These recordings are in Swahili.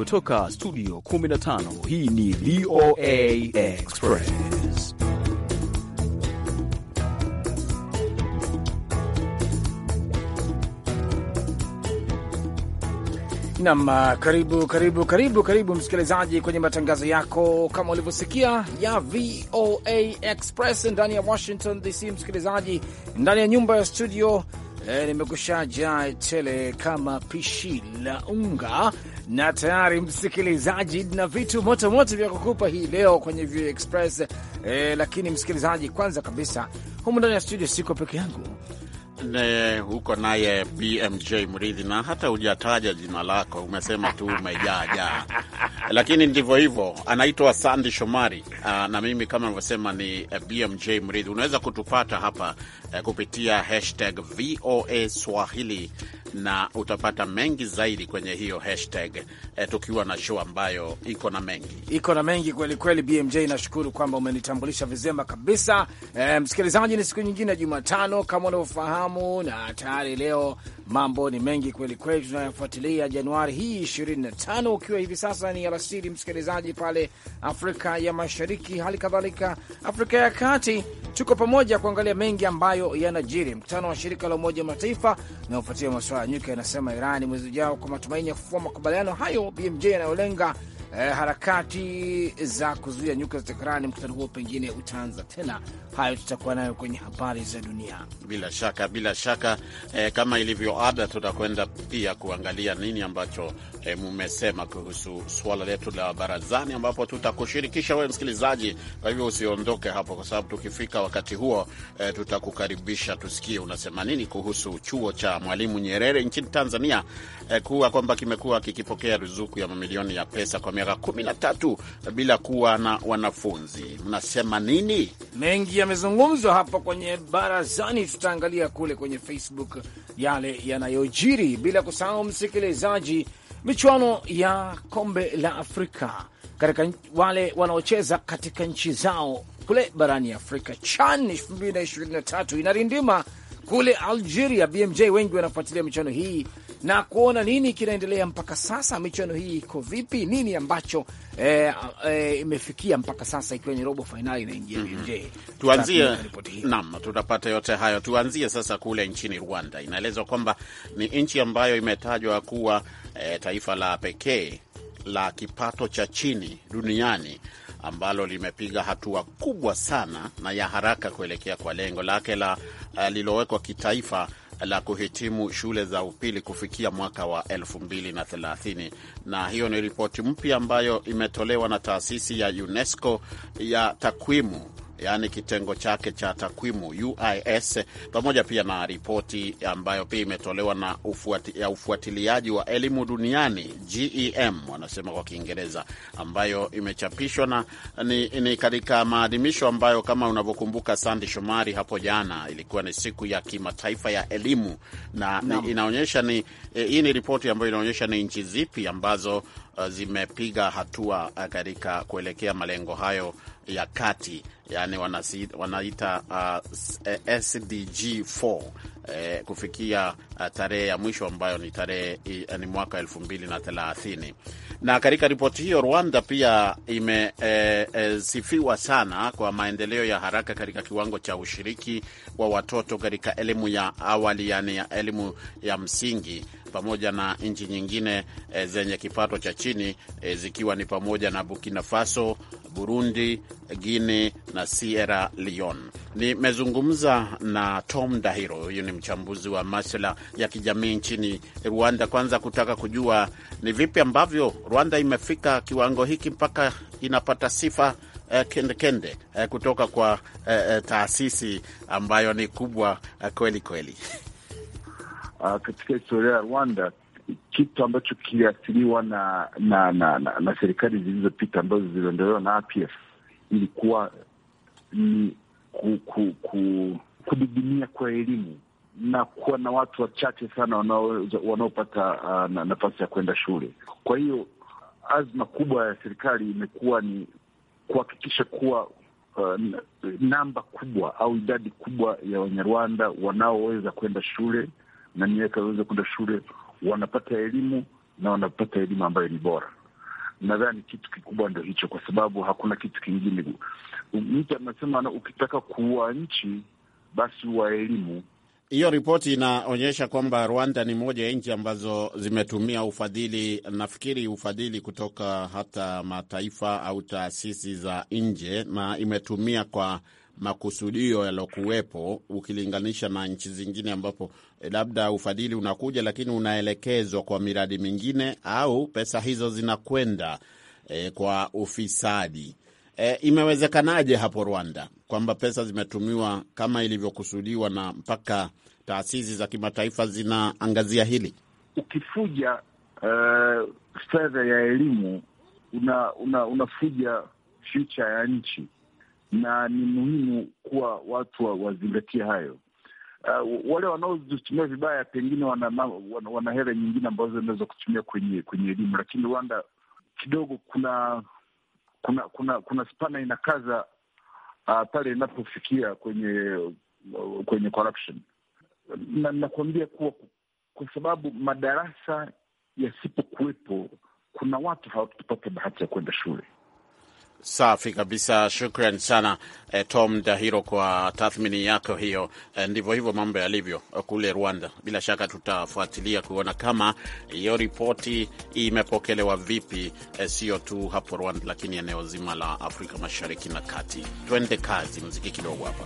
kutoka studio 15 hii ni VOA Express nam. Uh, karibu karibu karibu karibu msikilizaji, kwenye matangazo yako kama ulivyosikia ya VOA Express ndani ya Washington DC. Msikilizaji, ndani ya nyumba ya studio E, nimekushaja tele kama pishi la unga na tayari msikilizaji, na vitu moto moto vya kukupa hii leo kwenye View Express. E, lakini msikilizaji, kwanza kabisa humu ndani ya studio siko peke yangu ne huko naye BMJ Mridhi, na hata hujataja jina lako, umesema tu umejaajaa, lakini ndivyo hivyo. Anaitwa Sandi Shomari. Ah, na mimi kama navyosema ni eh, BMJ Mridhi. Unaweza kutupata hapa eh, kupitia hashtag VOA Swahili na utapata mengi zaidi kwenye hiyo hashtag eh, tukiwa na show ambayo iko na mengi, iko na mengi kweli kweli. BMJ, nashukuru kwamba umenitambulisha vizema kabisa. Eh, msikilizaji, ni siku nyingine ya Jumatano kama unavyofahamu, na tayari leo mambo ni mengi kweli kweli tunayofuatilia Januari hii 25, ukiwa hivi sasa ni alasiri, msikilizaji, pale Afrika ya Mashariki, hali kadhalika Afrika ya Kati, tuko pamoja kuangalia mengi ambayo yanajiri. Mkutano wa shirika la Umoja Mataifa unaofuatia masuala nyuka anasema Irani mwezi ujao kwa matumaini ya kufufua makubaliano hayo BMJ yanayolenga eh, harakati za kuzuia nyuka za Teherani, mkutano huo pengine utaanza tena. Hayo tutakuwa nayo kwenye habari za dunia bila shaka, bila shaka. Eh, kama ilivyo ada, tutakwenda pia kuangalia nini ambacho eh, mumesema kuhusu suala letu la barazani, ambapo tutakushirikisha wewe msikilizaji. Kwa hivyo usiondoke hapo, kwa sababu tukifika wakati huo eh, tutakukaribisha tusikie unasema nini kuhusu chuo cha Mwalimu Nyerere nchini Tanzania eh, kuwa kwamba kimekuwa kikipokea ruzuku ya mamilioni ya pesa kwa miaka 13 bila kuwa na wanafunzi. Mnasema nini? Mengi yamezungumzwa hapa kwenye barazani, tutaangalia kule kwenye Facebook yale yanayojiri, bila kusahau msikilizaji, michuano ya kombe la Afrika katika wale wanaocheza katika nchi zao kule barani Afrika, CHAN 2023 inarindima kule Algeria. BMJ, wengi wanafuatilia michuano hii na kuona nini kinaendelea mpaka sasa. Michuano hii iko vipi? Nini ambacho eh, eh, imefikia mpaka sasa ikiwa ni robo fainali inaingia mm -hmm. Tuanzie nam, tutapata yote hayo. Tuanzie sasa kule nchini Rwanda. Inaelezwa kwamba ni nchi ambayo imetajwa kuwa eh, taifa la pekee la kipato cha chini duniani ambalo limepiga hatua kubwa sana na ya haraka kuelekea kwa lengo lake la uh, lililowekwa kitaifa la kuhitimu shule za upili kufikia mwaka wa 2030 na hiyo ni ripoti mpya ambayo imetolewa na taasisi ya UNESCO ya takwimu yaani kitengo chake cha takwimu UIS, pamoja pia na ripoti ambayo pia imetolewa na ufuati, ya ufuatiliaji wa elimu duniani GEM wanasema kwa Kiingereza, ambayo imechapishwa na ni, ni katika maadhimisho ambayo kama unavyokumbuka Sandi Shomari, hapo jana ilikuwa ni siku ya kimataifa ya elimu na no. Inaonyesha ni e, hii ni ripoti ambayo inaonyesha ni nchi zipi ambazo e, zimepiga hatua e, katika kuelekea malengo hayo ya kati, yani wanaita uh, SDG 4 eh, kufikia uh, tarehe ya mwisho ambayo ni tarehe eh, ni mwaka elfu mbili na thelathini. Na katika ripoti hiyo Rwanda pia imesifiwa eh, eh, sana kwa maendeleo ya haraka katika kiwango cha ushiriki wa watoto katika elimu ya awali, yani ya elimu ya msingi pamoja na nchi nyingine e, zenye kipato cha chini e, zikiwa ni pamoja na Burkina Faso, Burundi, Guinea na Sierra Leone. Nimezungumza na Tom Dahiro, huyu ni mchambuzi wa masuala ya kijamii nchini Rwanda, kwanza kutaka kujua ni vipi ambavyo Rwanda imefika kiwango hiki mpaka inapata sifa Uh, kende kende kutoka kwa taasisi ambayo ni kubwa kwelikweli kweli kweli uh, katika historia ya Rwanda, kitu ambacho kiliathiriwa na na, na, na, na serikali zilizopita ambazo ziliondolewa na APF ilikuwa ni ku, ku, ku, kudidimia kwa elimu na kuwa na watu wachache sana wanaopata uh, na, nafasi ya kwenda shule. Kwa hiyo azma kubwa ya serikali imekuwa ni kuhakikisha kuwa uh, namba kubwa au idadi kubwa ya Wanyarwanda wanaoweza kwenda shule na miaka waweze kwenda shule, wanapata elimu na wanapata elimu ambayo ni bora. Nadhani kitu kikubwa ndo hicho, kwa sababu hakuna kitu kingine. Mtu anasema ukitaka kuua nchi basi uwa elimu. Hiyo ripoti inaonyesha kwamba Rwanda ni moja ya nchi ambazo zimetumia ufadhili, nafikiri ufadhili kutoka hata mataifa au taasisi za nje, na imetumia kwa makusudio yalokuwepo ukilinganisha na nchi zingine ambapo eh, labda ufadhili unakuja lakini unaelekezwa kwa miradi mingine au pesa hizo zinakwenda e, kwa ufisadi. E, imewezekanaje hapo Rwanda kwamba pesa zimetumiwa kama ilivyokusudiwa na mpaka taasisi za kimataifa zinaangazia hili? Ukifuja uh, fedha ya elimu unafuja una, una future ya nchi na ni muhimu kuwa watu wazingatie hayo. Uh, wale wanaozitumia vibaya pengine wana, wana, wana hela nyingine ambazo zinaweza kutumia kwenye kwenye elimu, lakini Rwanda kidogo kuna kuna kuna kuna spana inakaza uh, pale inapofikia kwenye uh, kwenye corruption, na nakuambia kuwa kwa sababu madarasa yasipokuwepo, kuna watu hawatupata bahati ya kwenda shule. Safi kabisa, shukran sana eh, Tom Dahiro kwa tathmini yako hiyo. Eh, ndivyo hivyo mambo yalivyo eh, kule Rwanda. Bila shaka tutafuatilia kuona kama hiyo ripoti imepokelewa vipi, eh, sio tu hapo Rwanda, lakini eneo zima la Afrika Mashariki na Kati. Twende kazi, mziki kidogo hapa.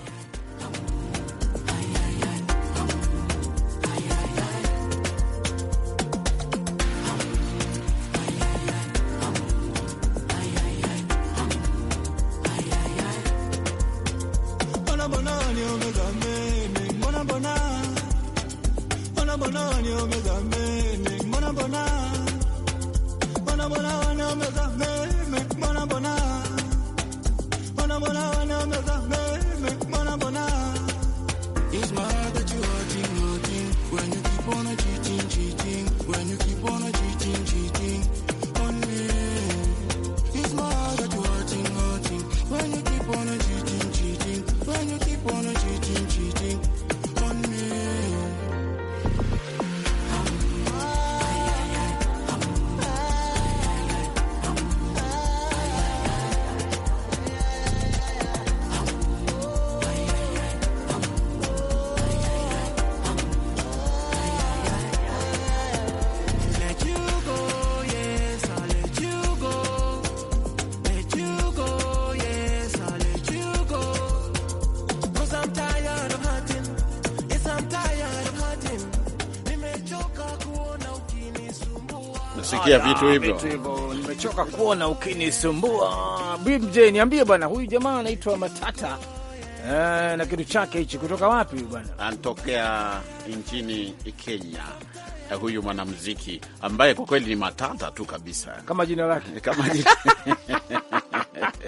kusikia vitu hivyo. Nimechoka kuona ukinisumbua. BMJ, niambie bwana, huyu jamaa anaitwa Matata eh, na kitu chake hichi kutoka wapi bwana? Anatokea nchini Kenya eh, huyu mwanamuziki ambaye kwa kweli ni matata tu kabisa, kama jina lake kama jina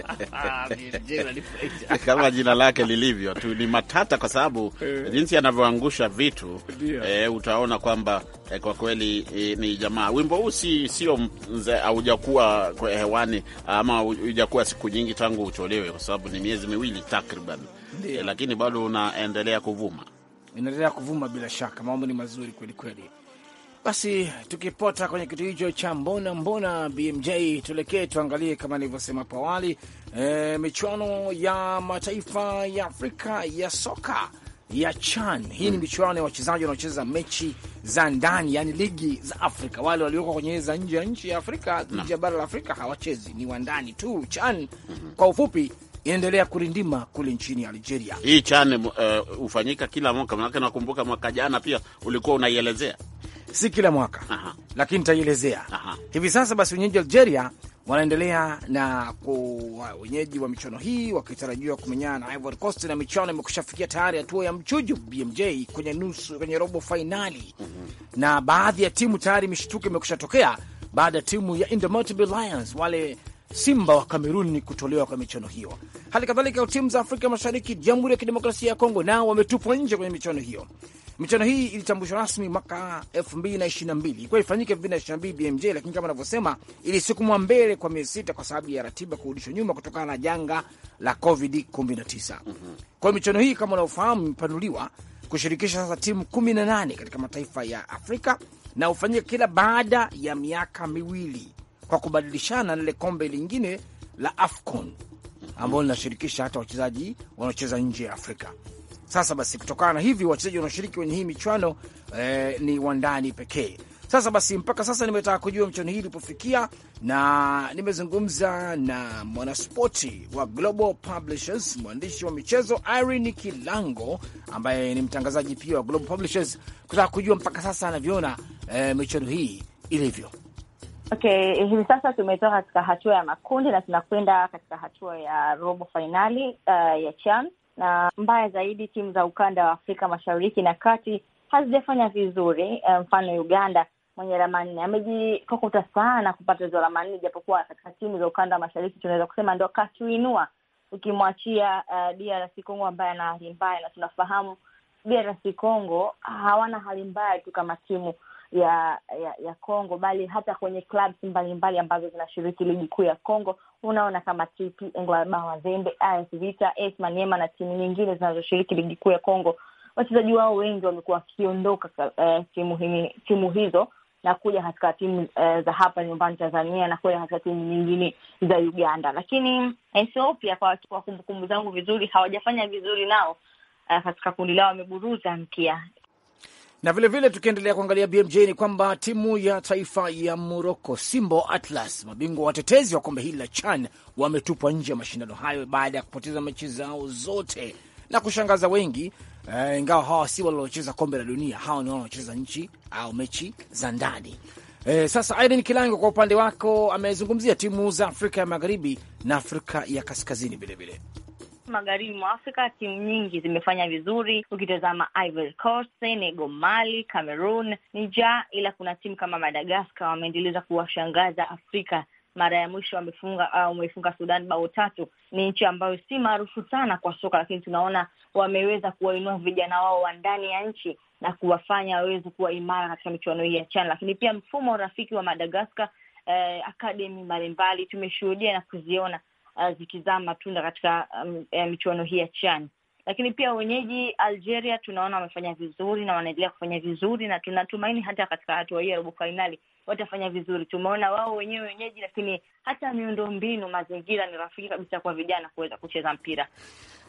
kama jina lake lilivyo tu, ni matata kwa sababu eh. jinsi anavyoangusha vitu e, utaona kwamba e, kwa kweli e, ni jamaa. Wimbo huu si sio haujakuwa hewani ama haujakuwa siku nyingi tangu utolewe, kwa sababu ni miezi miwili takriban e, lakini bado unaendelea kuvuma, inaendelea kuvuma. Bila shaka mambo ni mazuri kweli kweli. Basi tukipota kwenye kitu hicho cha mbona mbona BMJ, tuelekee tuangalie, kama nilivyosema hapo awali, e, michuano ya mataifa ya Afrika ya soka ya CHAN. Hii ni hmm. michuano ya wachezaji wanaocheza mechi za ndani, yani ligi za Afrika. Wale walioko kwenye za nje ya nchi ya Afrika, nje ya bara la Afrika hawachezi, ni wa ndani tu. CHAN hmm. kwa ufupi inaendelea kurindima kule nchini Algeria. Hii CHAN eh, hufanyika uh, kila mwaka, manake nakumbuka mwaka jana pia ulikuwa unaielezea si kila mwaka Aha. lakini nitaielezea hivi sasa. Basi wenyeji wa Algeria wanaendelea na wenyeji wa michuano hii wakitarajiwa kumenyana na Ivory Coast, na michuano imekushafikia tayari hatua ya mchujo BMJ kwenye nusu, kwenye robo fainali mm -hmm. na baadhi ya timu tayari mishtuko imekushatokea baada ya timu ya Indomitable Lions wale Simba wa ni kutolewa kwa michuano hiyo. Hali kadhalika timu za Afrika Mashariki, Jamhuri ya Kidemokrasia ya Kongo nao wametupwa nje kwenye michuano hiyo. Michuano hii ilitambulishwa rasmi mwaka 2022 ilikuwa ifanyike 2022 BMJ, lakini kama anavyosema ilisukumwa mbele kwa miezi sita kwa sababu ya ratiba kurudishwa nyuma kutokana na janga la COVID 19. Mm -hmm. Kwa michuano hii kama unaofahamu imepanuliwa kushirikisha sasa timu 18 katika mataifa ya Afrika na hufanyika kila baada ya miaka miwili kwa kubadilishana na lile kombe lingine la AFCON ambao linashirikisha hata wachezaji wanaocheza nje ya Afrika. Sasa basi, kutokana na hivyo wachezaji wanaoshiriki kwenye hii michuano eh, ni wandani pekee. Sasa basi, mpaka sasa nimetaka kujua michuano hii ilipofikia, na nimezungumza na mwanaspoti wa Global Publishers, mwandishi wa michezo Irene Kilango ambaye ni mtangazaji pia wa Global Publishers, kutaka kujua mpaka sasa anavyoona eh, michuano hii ilivyo. Okay, hivi sasa tumetoka katika hatua ya makundi na tunakwenda katika hatua ya robo fainali uh, eh, ya CHAN na mbaya zaidi, timu za ukanda wa Afrika Mashariki na Kati hazijafanya vizuri. Eh, mfano um, Uganda mwenye alama nne amejikokota sana kupata hizo alama nne, japokuwa katika timu za ukanda wa mashariki tunaweza kusema ndo katuinua ukimwachia uh, eh, DRC Congo ambaye ana hali mbaya, na tunafahamu DRC Congo hawana hali mbaya tu kama timu ya ya ya Kongo, bali hata kwenye clubs mbalimbali ambazo zinashiriki ligi kuu ya Kongo. Unaona kama TP Englebert Wazembe, AS Vita, AS Maniema na timu nyingine zinazoshiriki ligi kuu ya Kongo, wachezaji wao wengi wamekuwa wakiondoka uh, timu, hizo na kuja katika timu uh, za hapa nyumbani Tanzania na kuja katika timu nyingine za Uganda, lakini Ethiopia kwa, kwa kumbukumbu zangu vizuri hawajafanya vizuri nao. Uh, katika kundi lao wameburuza mkia na vilevile tukiendelea kuangalia BMJ ni kwamba timu ya taifa ya Morocco Simbo Atlas, mabingwa watetezi wa kombe hili la CHAN, wametupwa nje ya mashindano hayo baada ya kupoteza mechi zao zote na kushangaza wengi. Uh, ingawa hawa si waliocheza kombe la dunia, hawa ni wanaocheza nchi au mechi za ndani. Eh, sasa Irene Kilango kwa upande wako amezungumzia timu za Afrika ya Magharibi na Afrika ya Kaskazini vilevile vile magharibi mwa Afrika timu nyingi zimefanya vizuri, ukitazama Ivory Coast, Senegal, Mali, Cameroon, Niger, ila kuna timu kama Madagascar wameendeleza kuwashangaza Afrika. Mara ya mwisho wamefunga uh, wamefunga Sudan bao tatu. Ni nchi ambayo si maarufu sana kwa soka, lakini tunaona wameweza kuwainua vijana wao wa ndani ya nchi na kuwafanya waweze kuwa imara katika michuano hii ya CHAN. Lakini pia mfumo rafiki wa Madagaskar, eh, akademi mbalimbali tumeshuhudia na kuziona uh, zikizaa matunda katika um, michuano hii ya CHAN. Lakini pia wenyeji Algeria tunaona wamefanya vizuri na wanaendelea kufanya vizuri, na tunatumaini hata katika hatua hii ya robo fainali watafanya vizuri. Tumeona wao wenyewe wenyeji, lakini hata miundombinu, mazingira ni rafiki kabisa kwa vijana kuweza kucheza mpira.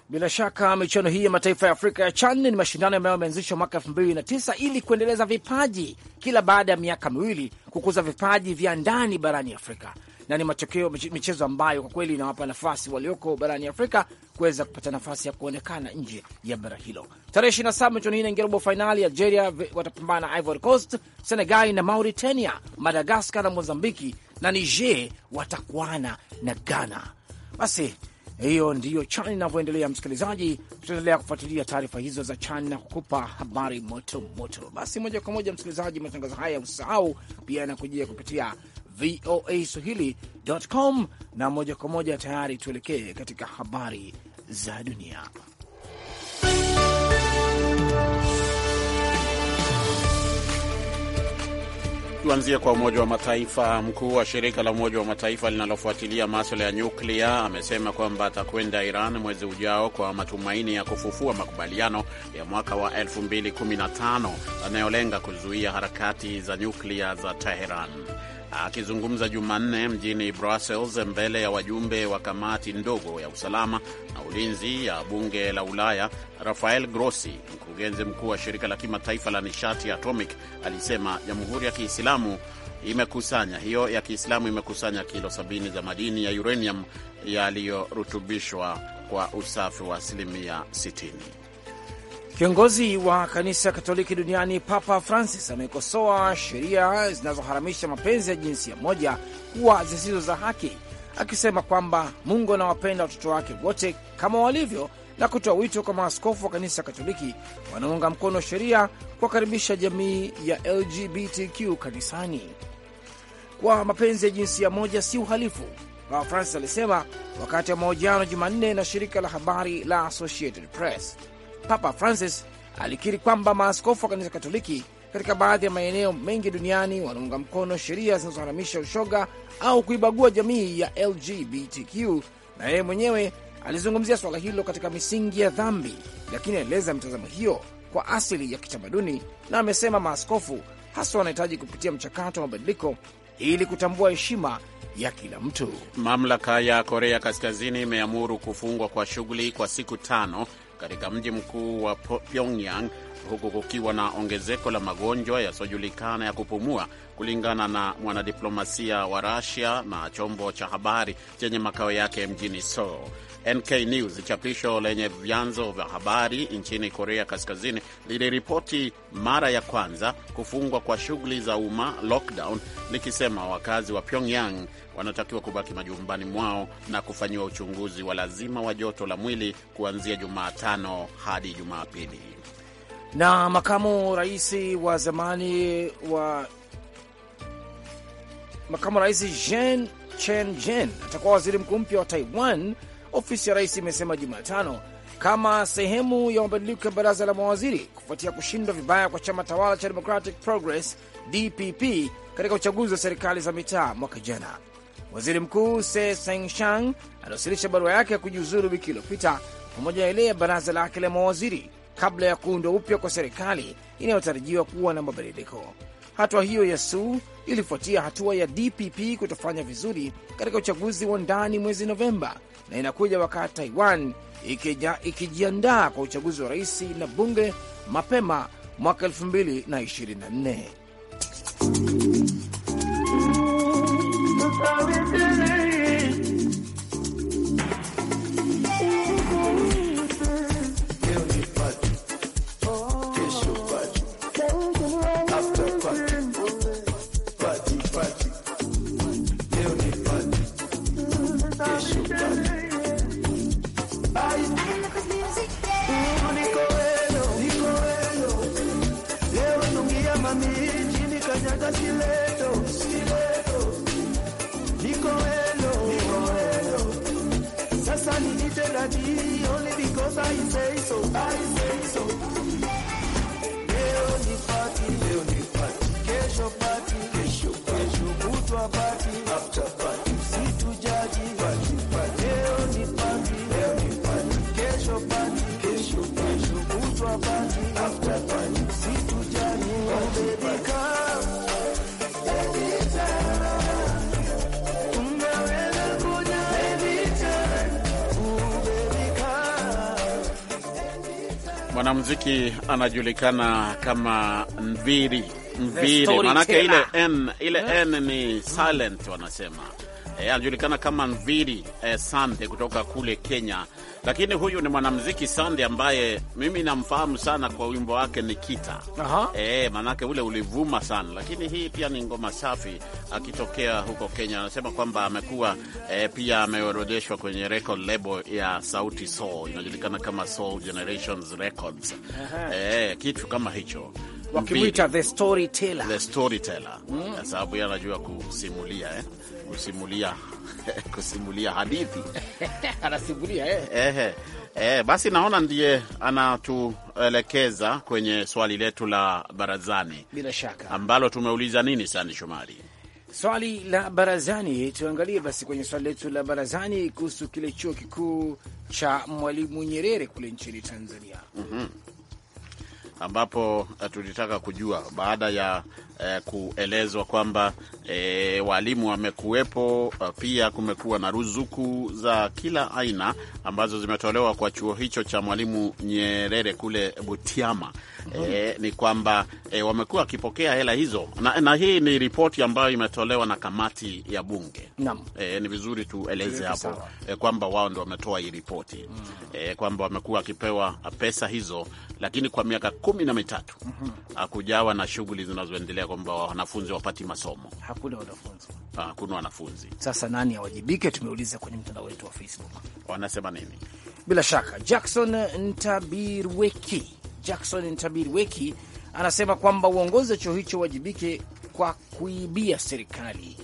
Bila shaka michuano hii ya mataifa ya Afrika ya CHAN ni mashindano ambayo yameanzishwa mwaka elfu mbili na tisa ili kuendeleza vipaji kila baada ya miaka miwili, kukuza vipaji vya ndani barani Afrika na ni matokeo michezo ambayo kwa kweli inawapa nafasi walioko barani Afrika kuweza kupata nafasi ya kuonekana nje ya bara hilo. Tarehe 27 michuano hii inaingia robo fainali. Algeria watapambana na Ivory Coast, Senegali na Mauritania, Madagaskar na Mozambiki na Niger watakuana na Ghana. Basi hiyo ndiyo CHAN inavyoendelea. Msikilizaji, tutaendelea kufuatilia taarifa hizo za CHAN na kukupa habari moto moto. Basi moja kwa moja, msikilizaji, matangazo haya usahau pia yanakujia kupitia VOA Swahili.com, na moja kwa moja tayari tuelekee katika habari za dunia. Tuanzie kwa Umoja wa Mataifa. Mkuu wa shirika la Umoja wa Mataifa linalofuatilia maswala ya nyuklia amesema kwamba atakwenda Iran mwezi ujao kwa matumaini ya kufufua makubaliano ya mwaka wa 2015 yanayolenga kuzuia harakati za nyuklia za Teheran. Akizungumza Jumanne mjini Brussels mbele ya wajumbe wa kamati ndogo ya usalama na ulinzi ya bunge la Ulaya, Rafael Grossi, mkurugenzi mkuu wa shirika la kimataifa la nishati atomic, alisema Jamhuri ya Kiislamu imekusanya hiyo ya Kiislamu imekusanya kilo sabini za madini ya uranium yaliyorutubishwa kwa usafi wa asilimia 60. Kiongozi wa kanisa Katoliki duniani Papa Francis amekosoa sheria zinazoharamisha mapenzi ya jinsia moja kuwa zisizo za haki, akisema kwamba Mungu anawapenda watoto wake wote kama walivyo na kutoa wito kwa maaskofu wa kanisa Katoliki wanaunga mkono sheria kuwakaribisha jamii ya LGBTQ kanisani. Kwa mapenzi ya jinsia moja si uhalifu, Papa Francis alisema wakati wa mahojiano Jumanne na shirika la habari la Associated Press. Papa Francis alikiri kwamba maaskofu wa kanisa Katoliki katika baadhi ya maeneo mengi duniani wanaunga mkono sheria zinazoharamisha ushoga au kuibagua jamii ya LGBTQ, na yeye mwenyewe alizungumzia suala hilo katika misingi ya dhambi, lakini alieleza mitazamo hiyo kwa asili ya kitamaduni, na amesema maaskofu haswa wanahitaji kupitia mchakato wa mabadiliko ili kutambua heshima ya kila mtu. Mamlaka ya Korea Kaskazini imeamuru kufungwa kwa shughuli kwa siku tano katika mji mkuu wa Pyongyang huku kukiwa na ongezeko la magonjwa yasiyojulikana ya kupumua, kulingana na mwanadiplomasia wa rusia na chombo cha habari chenye makao yake mjini Seoul. NK News, chapisho lenye vyanzo vya habari nchini Korea Kaskazini, liliripoti mara ya kwanza kufungwa kwa shughuli za umma lockdown, likisema wakazi wa Pyongyang wanatakiwa kubaki majumbani mwao na kufanyiwa uchunguzi wa lazima wa joto la mwili kuanzia Jumatano hadi Jumapili. Na makamu rais wa zamani wa makamu rais Jen Chen-jen atakuwa waziri mkuu mpya wa Taiwan, ofisi ya rais imesema Jumatano, kama sehemu ya mabadiliko ya baraza la mawaziri kufuatia kushindwa vibaya kwa chama tawala cha Democratic Progress DPP katika uchaguzi wa serikali za mitaa mwaka jana. Waziri Mkuu Se Seng-shang aliwasilisha barua yake ya kujiuzuru wiki iliyopita pamoja na ile ya baraza lake la mawaziri kabla ya kuundwa upya kwa serikali inayotarajiwa kuwa na mabadiliko. Hatua hiyo ya Su ilifuatia hatua ya DPP kutofanya vizuri katika uchaguzi wa ndani mwezi Novemba na inakuja wakati Taiwan ikijiandaa kwa uchaguzi wa rais na bunge mapema mwaka 2024. Cause you live Mwanamuziki anajulikana kama Mviri. Mviri manake ile n ile n ni silent wanasema eh, alijulikana kama Mviri eh, Sande kutoka kule Kenya, lakini huyu ni mwanamuziki Sande ambaye mimi namfahamu sana kwa wimbo wake Nikita. Eh, manake ule ulivuma sana, lakini hii pia ni ngoma safi akitokea huko Kenya. Anasema kwamba amekuwa eh, pia ameorodheshwa kwenye record label ya Sauti Sol inajulikana kama Sol Generations Records. Eh, kitu kama hicho wakimwita the storyteller, the storyteller, mm. kwa sababu yeye anajua kusimulia eh? kusimulia kusimulia hadithi anasimulia eh. Eh, Eh, basi naona ndiye anatuelekeza kwenye swali letu la barazani, bila shaka ambalo tumeuliza nini, Sandi Shomari? Swali la barazani, tuangalie basi kwenye swali letu la barazani kuhusu kile chuo kikuu cha Mwalimu Nyerere kule nchini Tanzania mm -hmm ambapo eh, tulitaka kujua baada ya eh, kuelezwa kwamba e, walimu wamekuwepo. Uh, pia kumekuwa na ruzuku za kila aina ambazo zimetolewa kwa chuo hicho cha Mwalimu Nyerere kule Butiama. E, ni kwamba e, wamekuwa wakipokea hela hizo na, na hii ni ripoti ambayo imetolewa na kamati ya bunge. E, ni vizuri tueleze hapo e, kwamba wao ndio wametoa hii ripoti mm. e, kwamba wamekuwa wakipewa pesa hizo, lakini kwa miaka kumi na mitatu mm-hmm. hakujawa na shughuli zinazoendelea kwamba wanafunzi wapati masomo kule wanafunzi, ah, hakuna wanafunzi. Sasa nani awajibike? Tumeuliza kwenye mtandao wetu wa Facebook, wanasema nini? Bila shaka Jackson Ntabirweki, Jackson Ntabirweki anasema kwamba uongozi wa chuo hicho wajibike kwa kuibia serikali.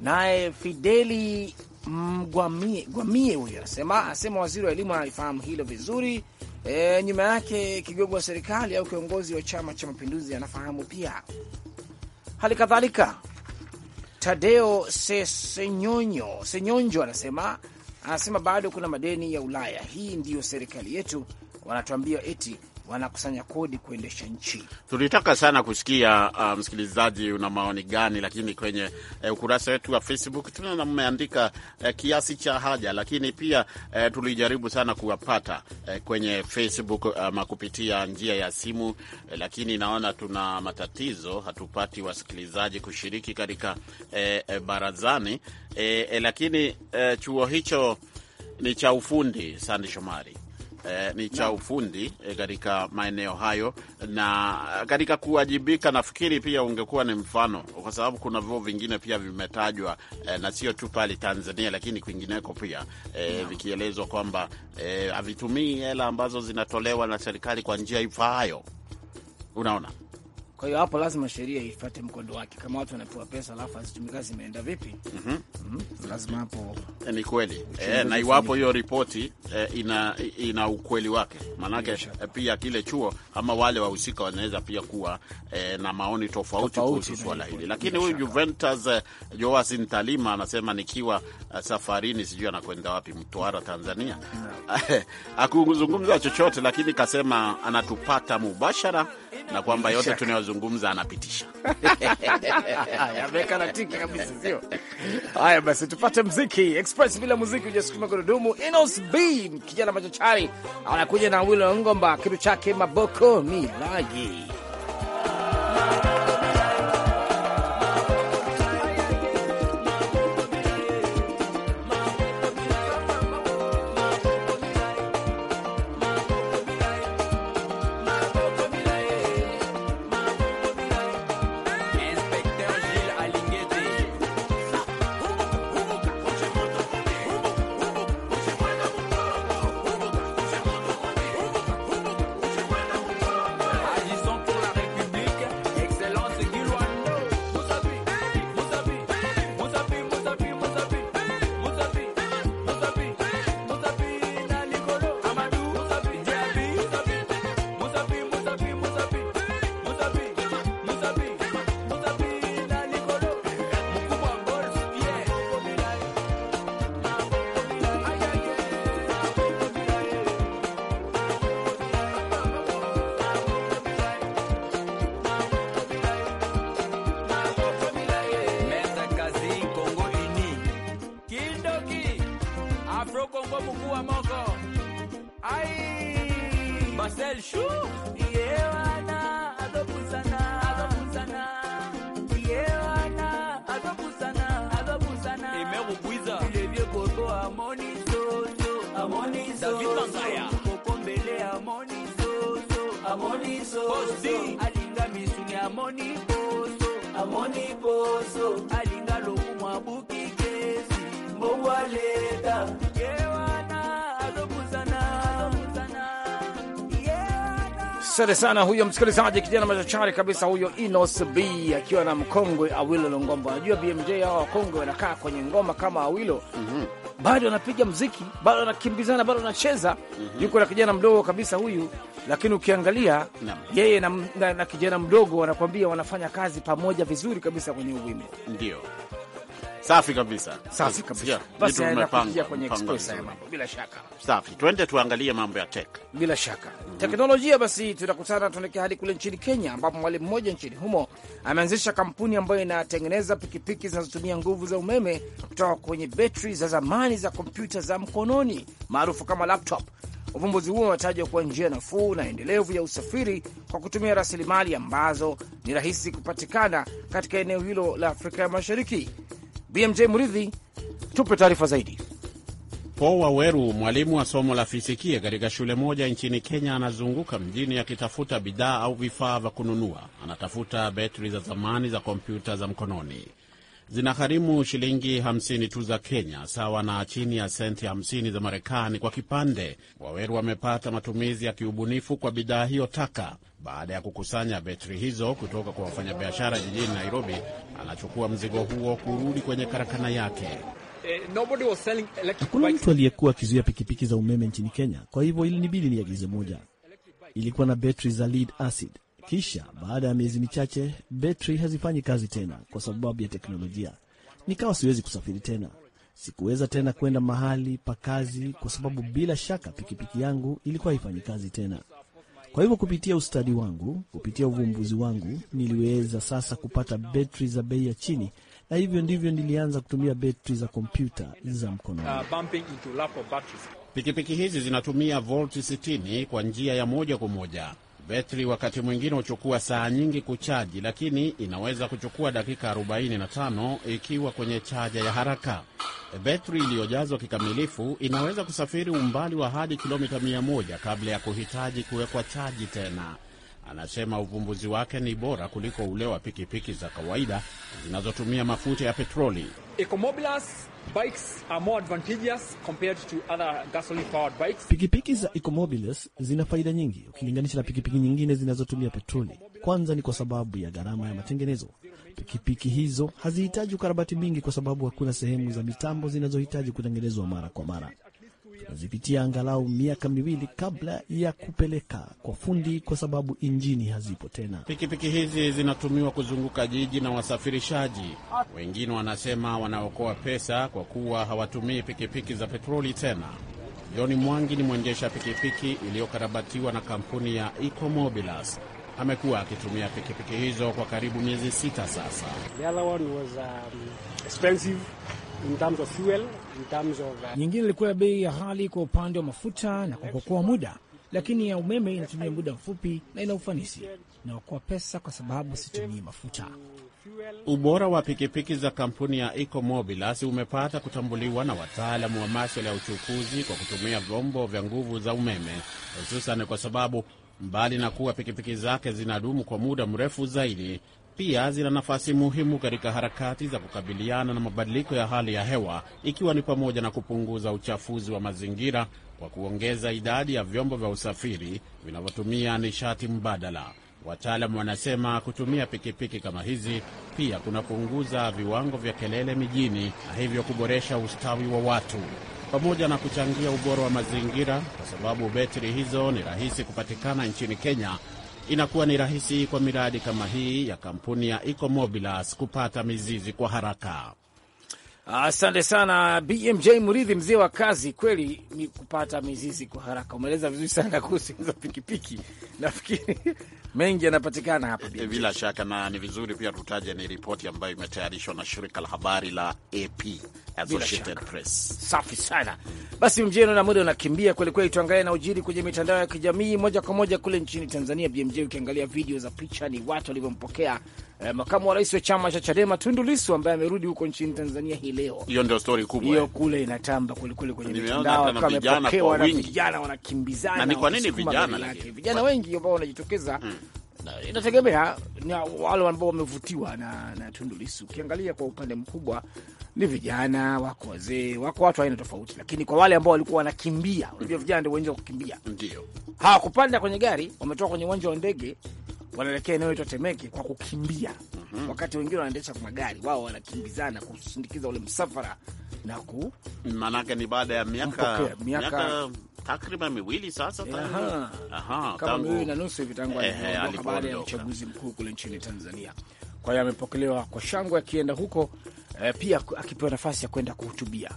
Naye Fideli Mgwamie, Gwamie huyo anasema anasema waziri wa elimu anaifahamu hilo vizuri. E, nyuma yake kigogo wa serikali au kiongozi wa Chama cha Mapinduzi anafahamu pia. Hali kadhalika Tadeo Sesenyonyo Senyonjo anasema anasema bado kuna madeni ya Ulaya. Hii ndiyo serikali yetu wanatuambia eti wanakusanya kodi kuendesha nchi. Tulitaka sana kusikia uh, msikilizaji, una maoni gani? Lakini kwenye uh, ukurasa wetu wa Facebook tunaona mmeandika uh, kiasi cha haja, lakini pia uh, tulijaribu sana kuwapata uh, kwenye Facebook uh, kupitia njia ya simu uh, lakini naona tuna matatizo, hatupati wasikilizaji kushiriki katika uh, uh, barazani uh, uh, lakini uh, chuo hicho ni cha ufundi. Sande Shomari eh, ni cha ufundi eh, katika maeneo hayo, na eh, katika kuwajibika, nafikiri pia ungekuwa ni mfano, kwa sababu kuna vyuo vingine pia vimetajwa eh, na sio tu pale Tanzania, lakini kwingineko pia eh, no. vikielezwa kwamba eh, havitumii hela ambazo zinatolewa na serikali kwa njia ifaayo. Unaona? Kwa hiyo hapo lazima sheria ifuate mkondo wake. Kama watu wanapewa pesa alafu hazitumika, zimeenda vipi? mm -hmm. Lazima hapo eh, ni kweli e, na iwapo hiyo ripoti e, ina, ina ukweli wake, maanake pia kile chuo ama wale wahusika wanaweza pia kuwa e, na maoni tofauti kuhusu swala hili, lakini huyu Juventus e, Joasin Talima anasema nikiwa safarini, sijui anakwenda wapi, Mtwara Tanzania, akuzungumza chochote, lakini kasema anatupata mubashara na kwamba yote tunayozungumza anapitisha. Yamekaratika kabisa, sio? Haya basi, tupate mziki express. Bila muziki ujasukuma gurudumu. Enos B kijana machachari anakuja na Wilo Ngomba, kitu chake Maboko ni lagi alinga misuni amoni poso amoni poso alinga lokumwa bukikesi mbongwaleta Asante sana huyo msikilizaji, kijana machachari kabisa huyo Inos B akiwa na mkongwe Awilo Longomba. Unajua BMJ hao wakongwe wanakaa kwenye ngoma kama Awilo mm -hmm. bado anapiga mziki, bado anakimbizana, bado anacheza mm -hmm. yuko na kijana mdogo kabisa huyu, lakini ukiangalia na yeye na, na, na kijana mdogo wanakwambia wanafanya kazi pamoja vizuri kabisa kwenye uwimbo ndio Safi kabisa, safi kabisa. Basi tunakuja kwenye express ya mambo bila shaka. Safi, twende tuangalie mambo ya tech bila shaka mm -hmm. Teknolojia basi, tunakutana tuelekea hadi kule nchini Kenya, ambapo mwalimu mmoja nchini humo ameanzisha kampuni ambayo inatengeneza pikipiki zinazotumia nguvu za umeme kutoka kwenye betri za zamani za kompyuta za mkononi maarufu kama laptop. Uvumbuzi huo unatajwa kuwa njia nafuu na endelevu ya usafiri kwa kutumia rasilimali ambazo ni rahisi kupatikana katika eneo hilo la Afrika ya Mashariki. BMJ Muridhi, tupe taarifa zaidi. Paul Waweru, mwalimu wa somo la fisikia katika shule moja nchini Kenya, anazunguka mjini akitafuta bidhaa au vifaa vya kununua. Anatafuta betri za zamani za kompyuta za mkononi zinagharimu shilingi 50 tu za Kenya, sawa na chini ya senti 50 za Marekani kwa kipande. Waweru wamepata matumizi ya kiubunifu kwa bidhaa hiyo taka. Baada ya kukusanya betri hizo kutoka kwa wafanyabiashara jijini Nairobi, anachukua mzigo huo kurudi kwenye karakana yake. Eh, Hakuna mtu aliyekuwa akizuia pikipiki za umeme nchini Kenya, kwa hivyo ilinibidi niagize moja. Ilikuwa na betri za lead acid. Kisha baada ya miezi michache betri hazifanyi kazi tena kwa sababu ya teknolojia. Nikawa siwezi kusafiri tena, sikuweza tena kwenda mahali pa kazi kwa sababu bila shaka pikipiki yangu ilikuwa haifanyi kazi tena. Kwa hivyo kupitia ustadi wangu, kupitia uvumbuzi wangu, niliweza sasa kupata betri za bei ya chini, na hivyo ndivyo nilianza kutumia betri za kompyuta za mkononi. Uh, pikipiki hizi zinatumia volti 60 kwa njia ya moja kwa moja Betri wakati mwingine huchukua saa nyingi kuchaji, lakini inaweza kuchukua dakika 45 ikiwa kwenye chaja ya haraka. Betri iliyojazwa kikamilifu inaweza kusafiri umbali wa hadi kilomita 100 kabla ya kuhitaji kuwekwa chaji tena. Anasema uvumbuzi wake ni bora kuliko ule wa pikipiki za kawaida zinazotumia mafuta ya petroli. Pikipiki za Ecomobilus zina faida nyingi ukilinganisha na pikipiki nyingine zinazotumia petroli. Kwanza ni kwa sababu ya gharama ya matengenezo. Pikipiki hizo hazihitaji ukarabati mingi, kwa sababu hakuna sehemu za mitambo zinazohitaji kutengenezwa mara kwa mara zipitia angalau miaka miwili kabla ya kupeleka kwa fundi, kwa sababu injini hazipo tena. Pikipiki hizi zinatumiwa kuzunguka jiji na wasafirishaji. Wengine wanasema wanaokoa pesa kwa kuwa hawatumii pikipiki za petroli tena. Joni Mwangi ni mwendesha pikipiki iliyokarabatiwa na kampuni ya Ecomobilas. Amekuwa akitumia pikipiki hizo kwa karibu miezi sita sasa. The other one was, um, in terms of fuel, in terms of... Uh, nyingine ilikuwa ya bei ya ghali kwa upande wa mafuta na kwa kuokoa muda, lakini ya umeme inatumia muda mfupi na ina ufanisi inaokoa pesa kwa sababu situmii mafuta. Ubora wa pikipiki za kampuni ya Ecomobilas umepata kutambuliwa na wataalamu wa maswala ya uchukuzi kwa kutumia vyombo vya nguvu za umeme, hususan kwa sababu mbali na kuwa pikipiki zake zinadumu kwa muda mrefu zaidi, pia zina nafasi muhimu katika harakati za kukabiliana na mabadiliko ya hali ya hewa, ikiwa ni pamoja na kupunguza uchafuzi wa mazingira kwa kuongeza idadi ya vyombo vya usafiri vinavyotumia nishati mbadala. Wataalamu wanasema kutumia pikipiki kama hizi pia kunapunguza viwango vya kelele mijini na hivyo kuboresha ustawi wa watu pamoja na kuchangia ubora wa mazingira, kwa sababu betri hizo ni rahisi kupatikana nchini Kenya inakuwa ni rahisi kwa miradi kama hii ya kampuni ya Ecomobilas kupata mizizi kwa haraka. Asante sana BMJ Muridhi, mzee wa kazi kweli. Ni kupata mizizi kwa haraka, umeeleza vizuri sana kuhusu hizo pikipiki. Nafikiri mengi yanapatikana hapa bila shaka, na ni vizuri pia tutaje, ni ripoti ambayo imetayarishwa na shirika la habari la AP, Associated Press. Safi sana. Basi BMJ, naona muda unakimbia kwelikweli, tuangalie na ujiri kwenye mitandao ya kijamii moja kwa moja kule nchini Tanzania. BMJ, ukiangalia video za picha, ni watu walivyompokea eh, makamu wa rais wa chama cha Chadema Tundu Lissu ambaye amerudi huko nchini Tanzania hii leo. Hiyo ndio story kubwa hiyo, eh. kule inatamba kulikuli kwenye mitandao, kama amepokewa na vijana wanakimbizana. Na ni kwa nini vijana lakini vijana wengi ambao wanajitokeza hmm. Inategemea na wale ambao wamevutiwa na, na Tundu Lissu. Ukiangalia kwa upande mkubwa ni vijana, wako wazee, wako watu aina tofauti, lakini kwa wale ambao walikuwa wanakimbia, unajua vijana ndio wengi wa kukimbia, ndio hawakupanda kwenye gari, wametoka kwenye uwanja wa ndege wanaelekea eneo la Temeke kwa kukimbia mm -hmm. Wakati wengine wanaendesha kwa magari, wao wanakimbizana kusindikiza ule msafara na ku, maanake ni baada ya miaka miaka, miaka takriban miwili sasa, kama miwili na nusu hivi tangu baada ya uchaguzi mkuu kule nchini Tanzania. Kwa hiyo amepokelewa kwa shangwe akienda huko eh, pia akipewa nafasi ya kwenda kuhutubia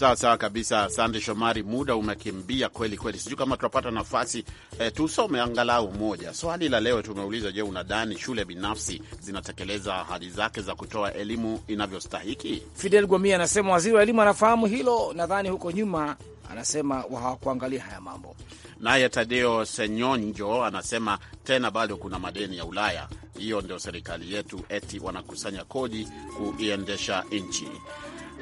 Sawa sawa kabisa, asante Shomari. Muda umekimbia kweli kweli, sijui kama tutapata nafasi e, tusome angalau moja swali. So, la leo tumeuliza, je, unadhani shule binafsi zinatekeleza ahadi zake za kutoa elimu inavyostahiki? Fidel Gwamia anasema waziri wa elimu anafahamu hilo, nadhani huko nyuma anasema hawakuangalia haya mambo. Naye Tadeo Senyonjo anasema tena bado kuna madeni ya Ulaya, hiyo ndio serikali yetu eti wanakusanya kodi kuiendesha nchi.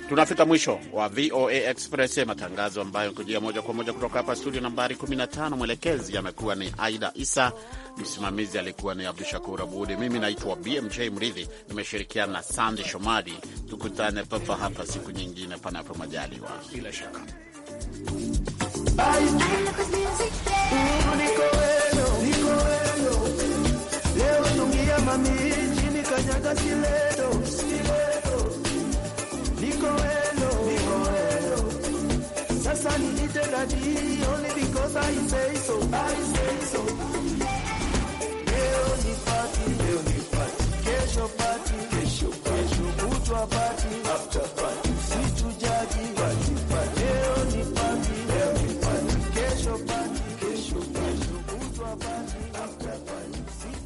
Tunafika mwisho wa VOA Express, matangazo ambayo kujia moja kwa moja kutoka hapa studio nambari 15. Mwelekezi amekuwa ni Aida Isa, msimamizi alikuwa ni Abdu Shakur Abudi. Mimi naitwa BMJ Mridhi, nimeshirikiana na Sande Shomari. Tukutane papa hapa siku nyingine, panapo majaliwa, bila shaka. so